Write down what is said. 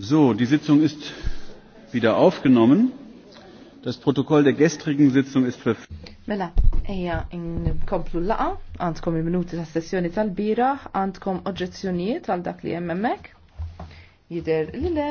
So, die Sitzung ist wieder aufgenommen. Das Protokoll der gestrigen Sitzung ist verfügbar. Mela, eja, nkomplu laqa, għandkom il-minuti ta' sessjoni tal-bira, għandkom oġezzjoniet għal dak li jemmemmek, jider li le,